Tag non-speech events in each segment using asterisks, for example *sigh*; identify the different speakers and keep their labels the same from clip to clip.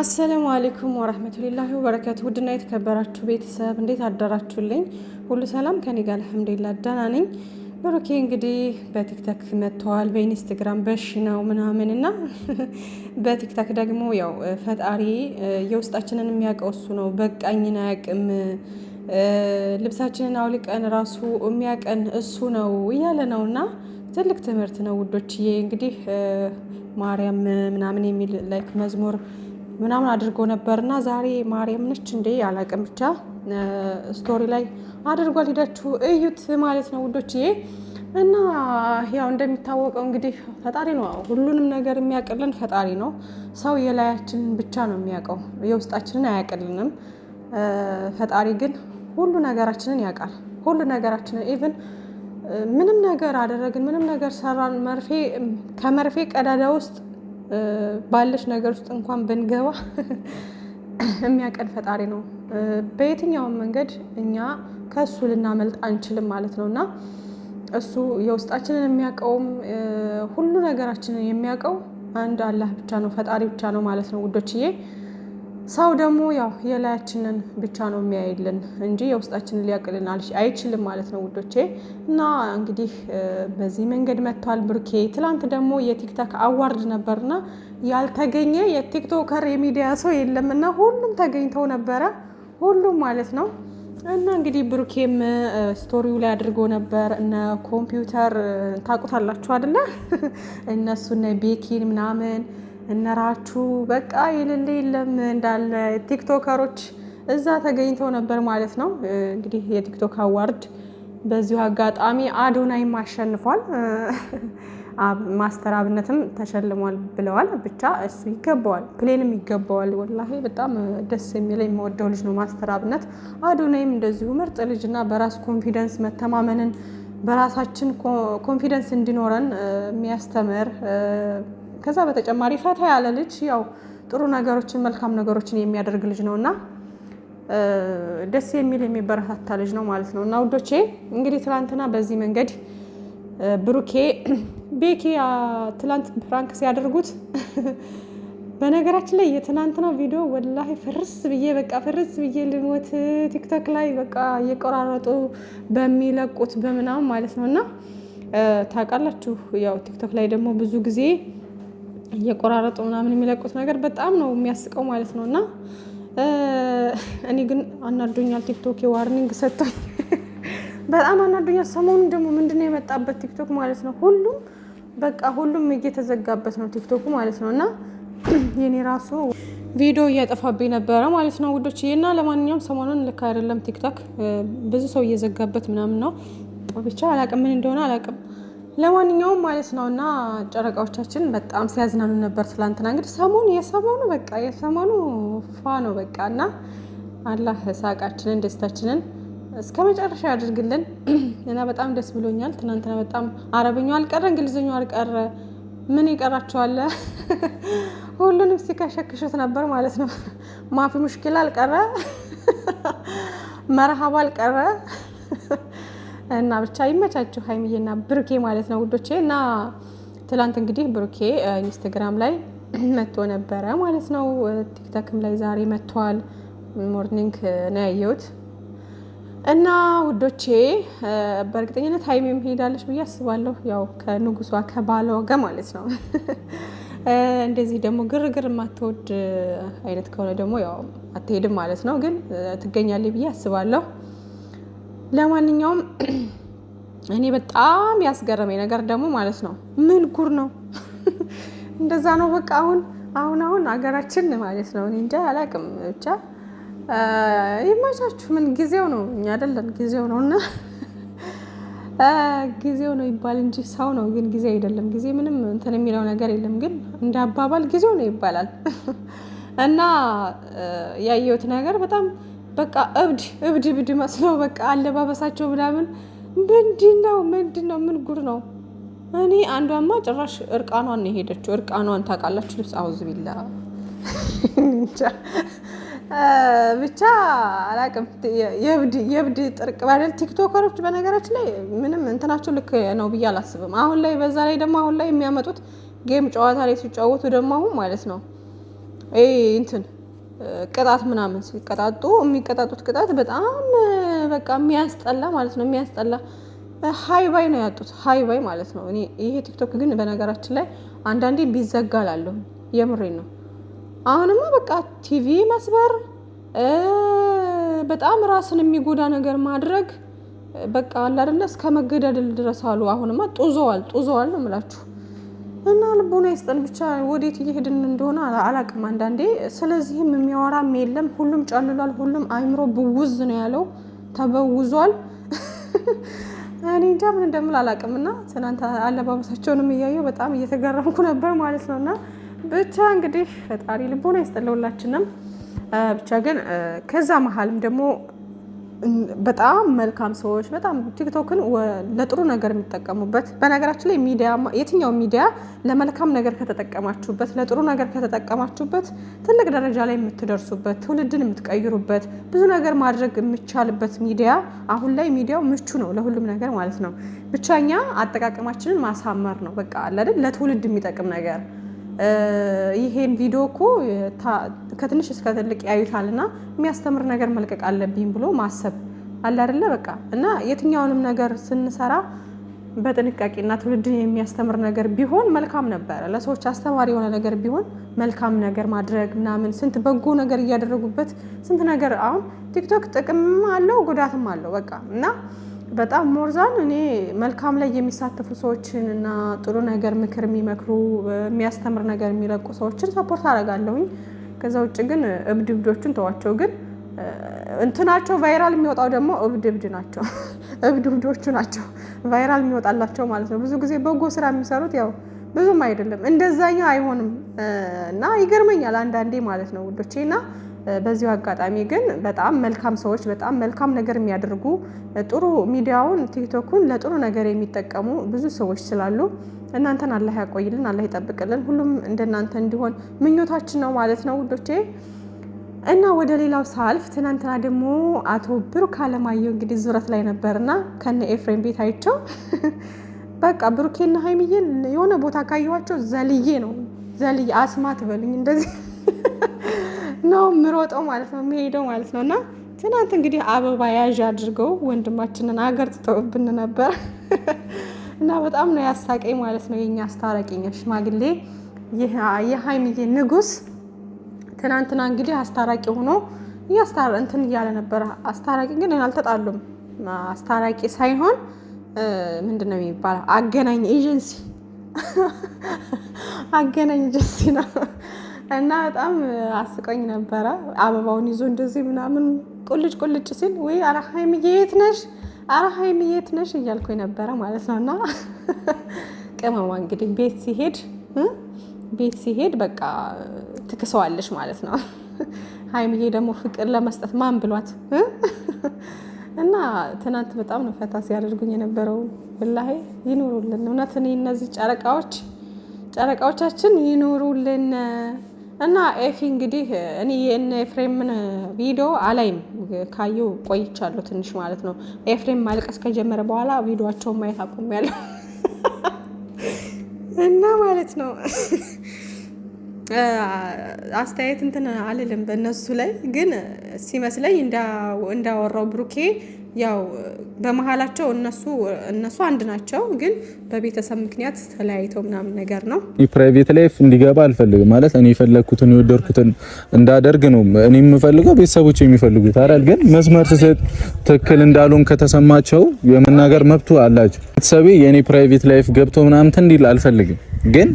Speaker 1: አሰላሙ አሌይኩም ወረህመቱላሂ ወበረካቱ። ውድና የተከበራችሁ ቤተሰብ እንዴት አደራችሁልኝ? ሁሉ ሰላም ከኔ ጋር አልሐምዱሊላህ ደህና ነኝ። ብሩኬ እንግዲህ በቲክቶክ መጥተዋል፣ በኢንስታግራም በሽ ነው ምናምን እና *laughs* በቲክቶክ ደግሞ ያው ፈጣሪ የውስጣችንን የሚያውቀው እሱ ነው። በቃኝን አያውቅም፣ ልብሳችንን አውልቀን ራሱ የሚያውቀን እሱ ነው እያለ ነው እና ትልቅ ትምህርት ነው ውዶችዬ። እንግዲህ ማርያም ምናምን የሚል ላይክ መዝሙር ምናምን አድርጎ ነበርና ዛሬ ማርያም ነች እንዴ አላቅም ብቻ ስቶሪ ላይ አድርጓል። ሂዳችሁ እዩት ማለት ነው ውዶችዬ። እና ያው እንደሚታወቀው እንግዲህ ፈጣሪ ነው ሁሉንም ነገር የሚያውቅልን ፈጣሪ ነው። ሰው የላያችንን ብቻ ነው የሚያውቀው፣ የውስጣችንን አያውቅልንም። ፈጣሪ ግን ሁሉ ነገራችንን ያውቃል። ሁሉ ነገራችንን ኢቭን ምንም ነገር አደረግን፣ ምንም ነገር ሰራን፣ መርፌ ከመርፌ ቀዳዳ ውስጥ ባለች ነገር ውስጥ እንኳን ብንገባ *laughs* የሚያቀን ፈጣሪ ነው። በየትኛውም መንገድ እኛ ከእሱ ልናመልጥ አንችልም ማለት ነው እና እሱ የውስጣችንን የሚያውቀውም ሁሉ ነገራችንን የሚያውቀው አንድ አላህ ብቻ ነው፣ ፈጣሪ ብቻ ነው ማለት ነው ውዶችዬ። ሰው ደግሞ ያው የላያችንን ብቻ ነው የሚያይልን እንጂ የውስጣችንን ሊያቅልን አይችልም ማለት ነው ውዶቼ። እና እንግዲህ በዚህ መንገድ መጥቷል ብሩኬ። ትላንት ደግሞ የቲክቶክ አዋርድ ነበርና ያልተገኘ የቲክቶከር የሚዲያ ሰው የለምና ሁሉም ተገኝተው ነበረ፣ ሁሉም ማለት ነው። እና እንግዲህ ብሩኬም ስቶሪው ላይ አድርጎ ነበር። እነ ኮምፒውተር ታውቁታላችሁ አይደለ? *laughs* እነሱ እነ ቤኪን ምናምን እነራቹ በቃ የሌለ የለም እንዳለ ቲክቶከሮች እዛ ተገኝተው ነበር ማለት ነው። እንግዲህ የቲክቶክ አዋርድ በዚሁ አጋጣሚ አዶናይም አሸንፏል። ማስተር አብነትም ተሸልሟል ብለዋል። ብቻ እሱ ይገባዋል፣ ፕሌንም ይገባዋል። ወላሂ በጣም ደስ የሚለ የምወደው ልጅ ነው ማስተር አብነት። አዶናይም እንደዚሁ ምርጥ ልጅ እና በራስ ኮንፊደንስ መተማመንን በራሳችን ኮንፊደንስ እንዲኖረን የሚያስተምር ከዛ በተጨማሪ ፈታ ያለ ልጅ ያው ጥሩ ነገሮችን መልካም ነገሮችን የሚያደርግ ልጅ ነው እና ደስ የሚል የሚበረታታ ልጅ ነው ማለት ነው። እና ውዶቼ እንግዲህ ትላንትና በዚህ መንገድ ብሩኬ *clears throat* ቤኪ ትላንት ፕራንክ ሲያደርጉት *clears throat* በነገራችን ላይ የትናንትናው ቪዲዮ ወላሂ ፍርስ ብዬ በቃ ፍርስ ብዬ ልሞት ቲክቶክ ላይ በቃ እየቆራረጡ በሚለቁት በምናምን ማለት ነው እና ታውቃላችሁ ያው ቲክቶክ ላይ ደግሞ ብዙ ጊዜ እየቆራረጡ ምናምን የሚለቁት ነገር በጣም ነው የሚያስቀው ማለት ነው። እና እኔ ግን አናዶኛል። ቲክቶክ የዋርኒንግ ሰጥቶኝ በጣም አናዶኛል። ሰሞኑን ደግሞ ነው የመጣበት ቲክቶክ ማለት ነው። ሁሉም በቃ ሁሉም እየተዘጋበት ነው ቲክቶኩ ማለት ነው። እና የኔ ራሱ ቪዲዮ እያጠፋብኝ ነበረ ማለት ነው ውዶች። እና ለማንኛውም ሰሞኑን ልክ አይደለም ቲክቶክ ብዙ ሰው እየዘጋበት ምናምን ነው። ብቻ አላቅም ምን እንደሆነ አላቅም። ለማንኛውም ማለት ነው እና ጨረቃዎቻችን በጣም ሲያዝናኑ ነበር ትላንትና። እንግዲህ ሰሞኑ የሰሞኑ በቃ የሰሞኑ ፋ ነው በቃ እና አላህ ሳቃችንን ደስታችንን እስከ መጨረሻ ያድርግልን እና በጣም ደስ ብሎኛል። ትናንትና በጣም አረብኛው አልቀረ እንግሊዝኛው አልቀረ ምን ይቀራቸዋለ? ሁሉንም ሲከሸክሹት ነበር ማለት ነው። ማፊ ሙሽኪል አልቀረ መረሃብ አልቀረ እና ብቻ ይመቻችሁ ሀይሚዬና ብሩኬ ማለት ነው ውዶቼ። እና ትላንት እንግዲህ ብሩኬ ኢንስታግራም ላይ *clears throat* መጥቶ ነበረ ማለት ነው። ቲክታክም ላይ ዛሬ መጥቷል። ሞርኒንግ ነው ያየሁት እና ውዶቼ በእርግጠኝነት ሀይሚም ሄዳለች ብዬ አስባለሁ። ያው ከንጉሷ ከባለ ወገ ማለት ነው። *laughs* እንደዚህ ደግሞ ግርግር የማትወድ አይነት ከሆነ ደግሞ ያው አትሄድም ማለት ነው። ግን ትገኛለች ብዬ አስባለሁ። ለማንኛውም *clears throat* እኔ በጣም ያስገረመኝ ነገር ደግሞ ማለት ነው ምን ጉር ነው *laughs* እንደዛ ነው በቃ አሁን አሁን አሁን አገራችን ማለት ነው እንጃ አላውቅም ብቻ ይማቻችሁ ምን ጊዜው ነው እኛ አይደለን ጊዜው ነው እና ጊዜው ነው ይባል እንጂ ሰው ነው ግን ጊዜ አይደለም ጊዜ ምንም እንትን የሚለው ነገር የለም ግን እንደ አባባል ጊዜው ነው ይባላል *laughs* እና ያየሁት ነገር በጣም በቃ እብድ እብድ እብድ መስለው በቃ አለባበሳቸው ምናምን ምንድን ነው ምንድን ነው ምን ጉር ነው? እኔ አንዷማ ጭራሽ እርቃኗን ነው የሄደችው። እርቃኗን ታውቃላችሁ፣ ልብስ አውዝ ቢላ ብቻ አላቅም። የብድ ጥርቅ ባደል ቲክቶከሮች፣ በነገራችን ላይ ምንም እንትናቸው ልክ ነው ብዬ አላስብም። አሁን ላይ በዛ ላይ ደግሞ አሁን ላይ የሚያመጡት ጌም ጨዋታ ላይ ሲጫወቱ ደግሞ አሁን ማለት ነው እንትን ቅጣት ምናምን ሲቀጣጡ የሚቀጣጡት ቅጣት በጣም በቃ የሚያስጠላ ማለት ነው። የሚያስጠላ ሀይ ባይ ነው ያጡት፣ ሀይ ባይ ማለት ነው። እኔ ይሄ ቲክቶክ ግን በነገራችን ላይ አንዳንዴ ቢዘጋ ላለሁ የምሬን ነው። አሁንማ በቃ ቲቪ መስበር፣ በጣም ራስን የሚጎዳ ነገር ማድረግ፣ በቃ አላደለ እስከ መገዳደል ድረስ አሉ። አሁንማ ጡዘዋል፣ ጡዘዋል ነው የምላችሁ። እና ልቦና ይስጠን ብቻ ወዴት እየሄድን እንደሆነ አላቅም። አንዳንዴ ስለዚህም የሚያወራም የለም። ሁሉም ጨልሏል። ሁሉም አይምሮ ብውዝ ነው ያለው፣ ተበውዟል። *laughs* እኔ እንጃ ምን እንደምል አላቅም። እና ትናንት አለባበሳቸውንም እያየው በጣም እየተገረምኩ ነበር ማለት ነው። እና ብቻ እንግዲህ ፈጣሪ ልቦና ይስጠን ለሁላችንም። ብቻ ግን ከዛ መሀልም ደግሞ በጣም መልካም ሰዎች በጣም ቲክቶክን ለጥሩ ነገር የሚጠቀሙበት በነገራችን ላይ ሚዲያ የትኛው ሚዲያ ለመልካም ነገር ከተጠቀማችሁበት ለጥሩ ነገር ከተጠቀማችሁበት ትልቅ ደረጃ ላይ የምትደርሱበት ትውልድን የምትቀይሩበት ብዙ ነገር ማድረግ የሚቻልበት ሚዲያ አሁን ላይ ሚዲያው ምቹ ነው ለሁሉም ነገር ማለት ነው ብቻኛ አጠቃቀማችንን ማሳመር ነው በቃ አለ አይደል ለትውልድ የሚጠቅም ነገር ይሄን ቪዲዮ እኮ ከትንሽ እስከ ትልቅ ያዩታል የሚያስተምር ነገር መልቀቅ አለብኝ ብሎ ማሰብ አለ አይደለ? በቃ እና የትኛውንም ነገር ስንሰራ በጥንቃቄና ትውልድን የሚያስተምር ነገር ቢሆን መልካም ነበረ። ለሰዎች አስተማሪ የሆነ ነገር ቢሆን መልካም ነገር ማድረግ ምናምን፣ ስንት በጎ ነገር እያደረጉበት ስንት ነገር አሁን ቲክቶክ ጥቅም አለው ጉዳትም አለው በቃ እና በጣም ሞርዛን እኔ መልካም ላይ የሚሳተፉ ሰዎችን እና ጥሩ ነገር ምክር የሚመክሩ የሚያስተምር ነገር የሚለቁ ሰዎችን ሰፖርት አደርጋለሁኝ። ከዛ ውጭ ግን እብድ እብዶችን ተዋቸው። ግን እንትናቸው ቫይራል የሚወጣው ደግሞ እብድ እብድ ናቸው፣ *laughs* እብድ እብዶቹ ናቸው ቫይራል የሚወጣላቸው ማለት ነው። ብዙ ጊዜ በጎ ስራ የሚሰሩት ያው ብዙም አይደለም እንደዛኛው አይሆንም እና ይገርመኛል አንዳንዴ ማለት ነው ውዶቼ እና በዚሁ አጋጣሚ ግን በጣም መልካም ሰዎች በጣም መልካም ነገር የሚያደርጉ ጥሩ ሚዲያውን ቲክቶኩን ለጥሩ ነገር የሚጠቀሙ ብዙ ሰዎች ስላሉ እናንተን አላህ ያቆይልን፣ አላህ ይጠብቅልን። ሁሉም እንደናንተ እንዲሆን ምኞታችን ነው ማለት ነው ውዶቼ። እና ወደ ሌላው ሳልፍ ትናንትና ደግሞ አቶ ብሩክ አለማየሁ እንግዲህ ዙረት ላይ ነበርና ከነ ኤፍሬም ቤት አይቸው *laughs* በቃ ብሩኬና ሀይሚዬን የሆነ ቦታ ካየኋቸው ዘልዬ ነው ዘልዬ አስማት በሉኝ እንደዚህ ነው ምሮጠው ማለት ነው የሚሄደው ማለት ነው። እና ትናንት እንግዲህ አበባ ያዥ አድርገው ወንድማችንን አገር ትተውብን ነበር *laughs* እና በጣም ነው ያሳቀኝ ማለት ነው። የኛ አስታራቂኛ ሽማግሌ የሀይሚዬ ንጉስ ትናንትና እንግዲህ አስታራቂ ሆኖ እንትን እያለ ነበረ አስታራቂ ግን አልተጣሉም። አስታራቂ ሳይሆን ምንድን ነው የሚባለው? አገናኝ ኤጀንሲ *laughs* አገናኝ ኤጀንሲ ነው እና በጣም አስቀኝ ነበረ። አበባውን ይዞ እንደዚህ ምናምን ቁልጭ ቁልጭ ሲል ወይ ኧረ ሀይሚዬ የት ነሽ? ኧረ ሀይሚዬ የት ነሽ እያልኩኝ ነበረ ማለት ነው። እና ቅመማ እንግዲህ ቤት ሲሄድ ቤት ሲሄድ በቃ ትክሰዋለች ማለት ነው። ሀይሚዬ ደግሞ ፍቅር ለመስጠት ማን ብሏት እና ትናንት በጣም ነው ፈታ ሲያደርጉኝ የነበረው። ብላሄ ይኑሩልን እውነት እነዚህ ጨረቃዎች ጨረቃዎቻችን ይኑሩልን። እና ኤፊ እንግዲህ እኔ የእነ ኤፍሬምን ቪዲዮ አላይም፣ ካየው ቆይቻለሁ ትንሽ ማለት ነው። ኤፍሬም ማልቀስ ከጀመረ በኋላ ቪዲዮቸውን ማየት ያለው *laughs* እና ማለት ነው *laughs* አስተያየት እንትን አልልም በእነሱ ላይ ግን ሲመስለኝ እንዳወራው ብሩኬ ያው በመሀላቸው እነሱ እነሱ አንድ ናቸው፣ ግን በቤተሰብ ምክንያት ተለያይተው ምናምን ነገር ነው።
Speaker 2: ፕራይቬት ላይፍ እንዲገባ አልፈልግም ማለት እኔ የፈለግኩትን የወደድኩትን እንዳደርግ ነው እኔ የምፈልገው፣ ቤተሰቦች የሚፈልጉት አይደል። ግን መስመር ስሰጥ ትክክል እንዳልሆን ከተሰማቸው የመናገር መብቱ አላቸው። ቤተሰቤ የእኔ ፕራይቬት ላይፍ ገብቶ ምናምን እንዲል አልፈልግም። ግን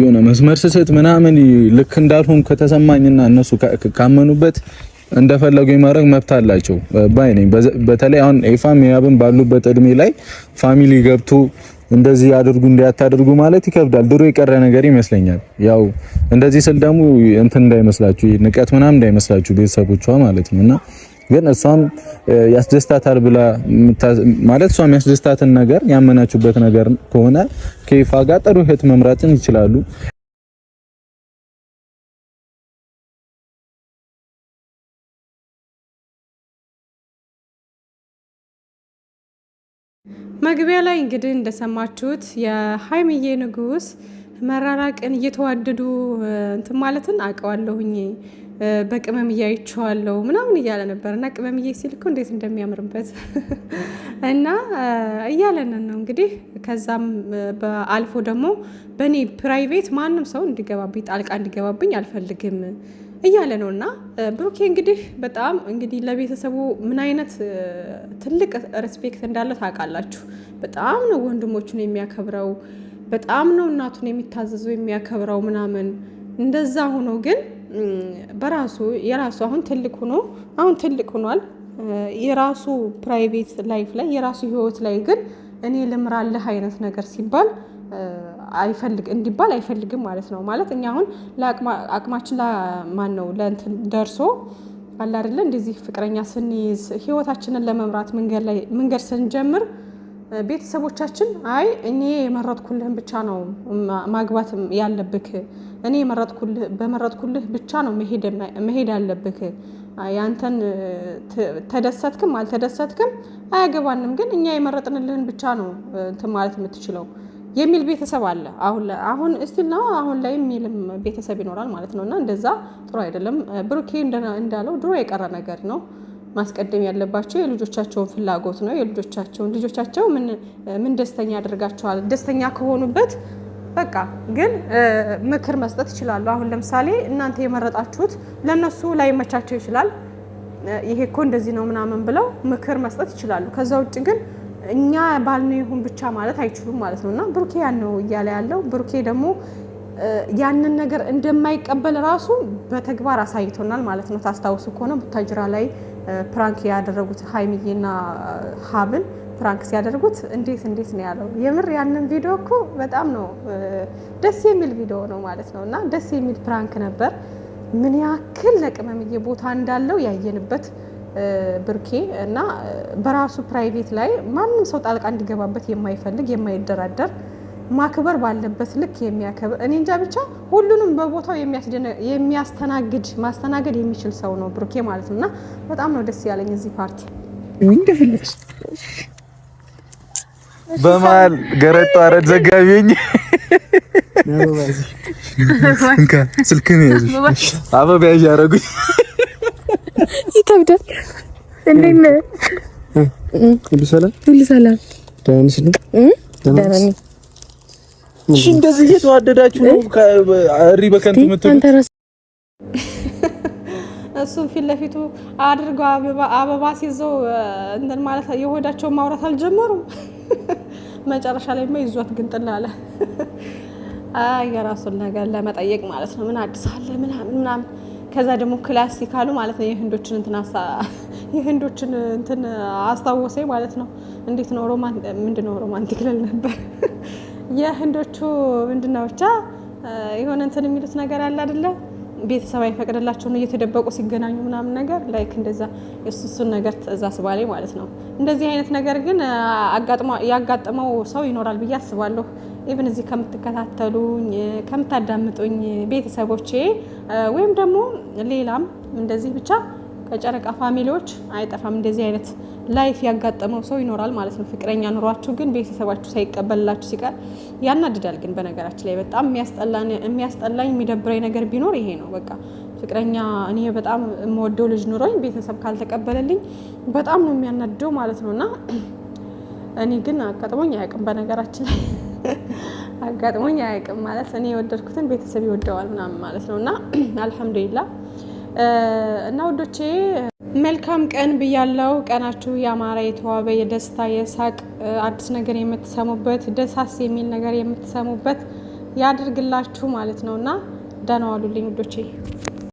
Speaker 2: የሆነ መስመር ስሰጥ ምናምን ልክ እንዳልሆን ከተሰማኝና እነሱ ካመኑበት እንደፈለጉ የማድረግ መብት አላቸው ባይ ነኝ። በተለይ አሁን ኤፋም ያብን ባሉበት እድሜ ላይ ፋሚሊ ገብቶ እንደዚህ ያድርጉ እንዲያታደርጉ ማለት ይከብዳል። ድሮ የቀረ ነገር ይመስለኛል። ያው እንደዚህ ስል ደግሞ እንትን እንዳይመስላችሁ ንቀት ምናምን እንዳይመስላችሁ ቤተሰቦቿ ማለት ነው እና ግን እሷም ያስደስታታል ብላ ማለት እሷም ያስደስታትን ነገር ያመናችሁበት ነገር ከሆነ ከይፋ ጋር ጥሩ ህይወት መምራትን ይችላሉ።
Speaker 1: መግቢያ ላይ እንግዲህ እንደሰማችሁት የሀይሚዬ ንጉስ መራራቅን እየተዋደዱ እንትን ማለትን አውቀዋለሁኝ በቅመም እያይቸዋለሁ ምናምን እያለ ነበር እና ቅመምዬ ሲል እኮ እንዴት እንደሚያምርበት *laughs* እና እያለን ነው እንግዲህ። ከዛም አልፎ ደግሞ በእኔ ፕራይቬት ማንም ሰው እንዲገባብኝ ጣልቃ እንዲገባብኝ አልፈልግም እያለ ነው እና ብሩኬ እንግዲህ በጣም እንግዲህ ለቤተሰቡ ምን አይነት ትልቅ ሬስፔክት እንዳለ ታውቃላችሁ። በጣም ነው ወንድሞቹን የሚያከብረው፣ በጣም ነው እናቱን የሚታዘዘው የሚያከብረው ምናምን እንደዛ ሆኖ ግን በራሱ የራሱ አሁን ትልቅ ሆኖ አሁን ትልቅ ሆኗል። የራሱ ፕራይቬት ላይፍ ላይ የራሱ ህይወት ላይ ግን እኔ ልምራልህ አይነት ነገር ሲባል አይፈልግ እንዲባል አይፈልግም ማለት ነው። ማለት እኛ አሁን አቅማችን ለማን ነው ለእንትን ደርሶ አለ አይደለ እንደዚህ ፍቅረኛ ስንይዝ ህይወታችንን ለመምራት መንገድ ስንጀምር ቤተሰቦቻችን አይ እኔ የመረጥኩልህን ብቻ ነው ማግባት ያለብክ እኔ በመረጥኩልህ ብቻ ነው መሄድ አለብክ ያንተን ተደሰትክም አልተደሰትክም አያገባንም፣ ግን እኛ የመረጥንልህን ብቻ ነው እንትን ማለት የምትችለው የሚል ቤተሰብ አለ። አሁን አሁን እስቲል ነው አሁን ላይ የሚልም ቤተሰብ ይኖራል ማለት ነው። እና እንደዛ ጥሩ አይደለም። ብሩኬ እንዳለው ድሮ የቀረ ነገር ነው። ማስቀደም ያለባቸው የልጆቻቸውን ፍላጎት ነው። የልጆቻቸውን ልጆቻቸው ምን ደስተኛ ያደርጋቸዋል፣ ደስተኛ ከሆኑበት በቃ ግን ምክር መስጠት ይችላሉ። አሁን ለምሳሌ እናንተ የመረጣችሁት ለእነሱ ላይመቻቸው ይችላል። ይሄ እኮ እንደዚህ ነው ምናምን ብለው ምክር መስጠት ይችላሉ። ከዛ ውጭ ግን እኛ ባልነው ይሁን ብቻ ማለት አይችሉም ማለት ነው። እና ብሩኬ ያን ነው እያለ ያለው ብሩኬ ደግሞ ያንን ነገር እንደማይቀበል ራሱ በተግባር አሳይቶናል ማለት ነው። ታስታውሱ ከሆነ ቡታጅራ ላይ ፕራንክ ያደረጉት ሀይሚዬና ሀብን ፕራንክ ሲያደርጉት እንዴት እንዴት ነው ያለው። የምር ያንን ቪዲዮ እኮ በጣም ነው ደስ የሚል ቪዲዮ ነው ማለት ነው። እና ደስ የሚል ፕራንክ ነበር። ምን ያክል ለቅመምዬ ቦታ እንዳለው ያየንበት ብሩኬ እና በራሱ ፕራይቬት ላይ ማንም ሰው ጣልቃ እንዲገባበት የማይፈልግ የማይደራደር ማክበር ባለበት ልክ የሚያከብር እኔ እንጃ ብቻ ሁሉንም በቦታው የሚያስተናግድ ማስተናገድ የሚችል ሰው ነው ብሩኬ ማለት ነው። እና በጣም ነው ደስ ያለኝ እዚህ ፓርቲ በመሀል ገረጡ አረድ ዘጋቢ ስልክን ያዙ አበባ ያዥ ያረጉኝ ይከብዳል። እንዴት ነህ? ሁሉ ሰላም፣ ሁሉ ሰላም። ደህና ነሽ? ደህና ነኝ። እሺ፣ እንደዚህ እየተዋደዳችሁ ነው? እሪ በከንቱ የምትሉት እሱም ፊት ለፊቱ አድርገው አበባ ሲይዘው እንትን ማለት የሆዳቸውን ማውራት አልጀመሩም። *laughs* መጨረሻ ላይ ማ ይዟት ግንጥል አለ። *laughs* የራሱን ነገር ለመጠየቅ ማለት ነው ምን አዲስ አለ ምናምን ምናምን ከዛ ደግሞ ክላሲካሉ ማለት ነው የህንዶችን እንትን የህንዶችን እንትን አስታወሰኝ ማለት ነው። እንዴት ነው ሮማን ምንድነው ሮማንቲክ ልል ነበር። *laughs* የህንዶቹ ምንድነው ብቻ የሆነ እንትን የሚሉት ነገር አለ አይደለ? ቤተሰብ አይፈቅድላቸው ነው እየተደበቁ ሲገናኙ ምናምን ነገር ላይክ እንደዛ የሱሱን ነገር እዛ ስባላይ ማለት ነው። እንደዚህ አይነት ነገር ግን ያጋጠመው ሰው ይኖራል ብዬ አስባለሁ። ኢቨን እዚህ ከምትከታተሉኝ ከምታዳምጡኝ ቤተሰቦቼ ወይም ደግሞ ሌላም እንደዚህ ብቻ ከጨረቃ ፋሚሊዎች አይጠፋም እንደዚህ አይነት ላይፍ ያጋጠመው ሰው ይኖራል ማለት ነው። ፍቅረኛ ኑሯችሁ ግን ቤተሰባችሁ ሳይቀበልላችሁ ሲቀር ያናድዳል። ግን በነገራችን ላይ በጣም የሚያስጠላኝ የሚደብረኝ ነገር ቢኖር ይሄ ነው። በቃ ፍቅረኛ እኔ በጣም የምወደው ልጅ ኑሮኝ ቤተሰብ ካልተቀበለልኝ በጣም ነው የሚያናድደው ማለት ነው። እና *clears throat* እኔ ግን አጋጥሞኝ አያውቅም በነገራችን ላይ *laughs* አጋጥሞኝ አያውቅም ማለት እኔ የወደድኩትን ቤተሰብ ይወደዋል ምናምን ማለት ነው እና *clears throat* አልሐምዱሊላ እና ውዶቼ መልካም ቀን ብያለው። ቀናችሁ ያማረ የተዋበ የደስታ የሳቅ አዲስ ነገር የምትሰሙበት ደሳስ የሚል ነገር የምትሰሙበት ያድርግላችሁ ማለት ነው እና ደህና ዋሉልኝ ውዶቼ።